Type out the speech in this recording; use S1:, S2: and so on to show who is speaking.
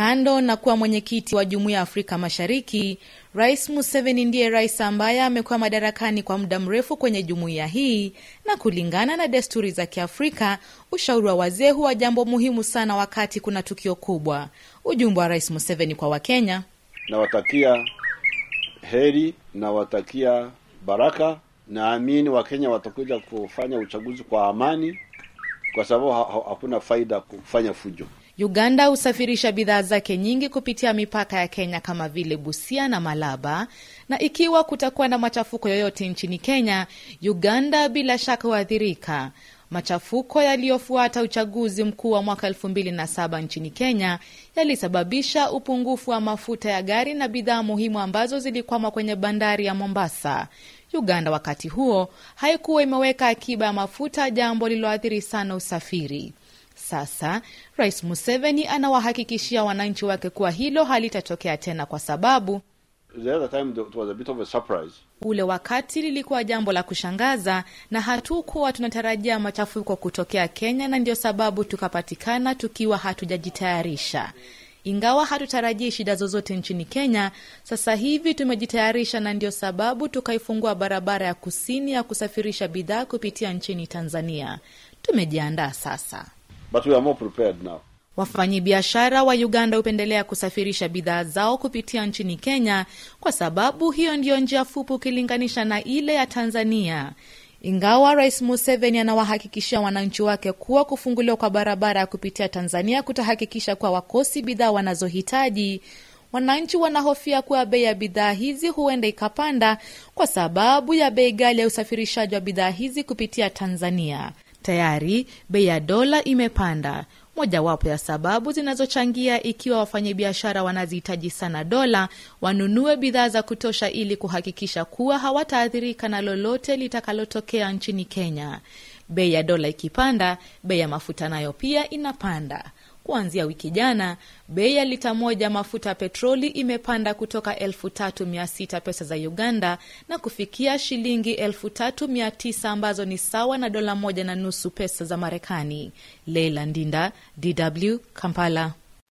S1: Kando na kuwa mwenyekiti wa Jumuiya ya Afrika Mashariki, Rais Museveni ndiye rais ambaye amekuwa madarakani kwa muda mrefu kwenye jumuiya hii, na kulingana na desturi za Kiafrika, ushauri wa wazee huwa jambo muhimu sana wakati kuna tukio kubwa. Ujumbe wa Rais Museveni kwa Wakenya:
S2: nawatakia heri, nawatakia baraka. Naamini Wakenya watakuja kufanya uchaguzi kwa amani, kwa sababu hakuna faida kufanya fujo.
S1: Uganda husafirisha bidhaa zake nyingi kupitia mipaka ya Kenya kama vile Busia na Malaba, na ikiwa kutakuwa na machafuko yoyote nchini Kenya, Uganda bila shaka huathirika. Machafuko yaliyofuata uchaguzi mkuu wa mwaka 2007 nchini Kenya yalisababisha upungufu wa mafuta ya gari na bidhaa muhimu ambazo zilikwama kwenye bandari ya Mombasa. Uganda wakati huo haikuwa imeweka akiba ya mafuta, jambo lililoathiri sana usafiri sasa, Rais Museveni anawahakikishia wananchi wake kuwa hilo halitatokea tena kwa sababu ule wakati lilikuwa jambo la kushangaza na hatukuwa tunatarajia machafuko kutokea Kenya, na ndio sababu tukapatikana tukiwa hatujajitayarisha. Ingawa hatutarajii shida zozote nchini Kenya, sasa hivi tumejitayarisha, na ndio sababu tukaifungua barabara ya kusini ya kusafirisha bidhaa kupitia nchini Tanzania. Tumejiandaa sasa
S2: but we are more prepared now.
S1: Wafanyabiashara wa Uganda hupendelea kusafirisha bidhaa zao kupitia nchini Kenya kwa sababu hiyo ndiyo njia fupi ukilinganisha na ile ya Tanzania. Ingawa Rais Museveni anawahakikishia wananchi wake kuwa kufunguliwa kwa barabara ya kupitia Tanzania kutahakikisha kuwa wakosi bidhaa wanazohitaji, wananchi wanahofia kuwa bei ya bidhaa hizi huenda ikapanda kwa sababu ya bei gali ya usafirishaji wa bidhaa hizi kupitia Tanzania. Tayari bei ya dola imepanda, mojawapo ya sababu zinazochangia ikiwa wafanyabiashara wanazihitaji sana dola, wanunue bidhaa za kutosha ili kuhakikisha kuwa hawataathirika na lolote litakalotokea nchini Kenya. Bei ya dola ikipanda, bei ya mafuta nayo pia inapanda. Kuanzia wiki jana, bei ya lita moja mafuta ya petroli imepanda kutoka 36 pesa za Uganda na kufikia shilingi 39 ambazo ni sawa na dola moja na nusu pesa za Marekani. Leila Ndinda, DW, Kampala.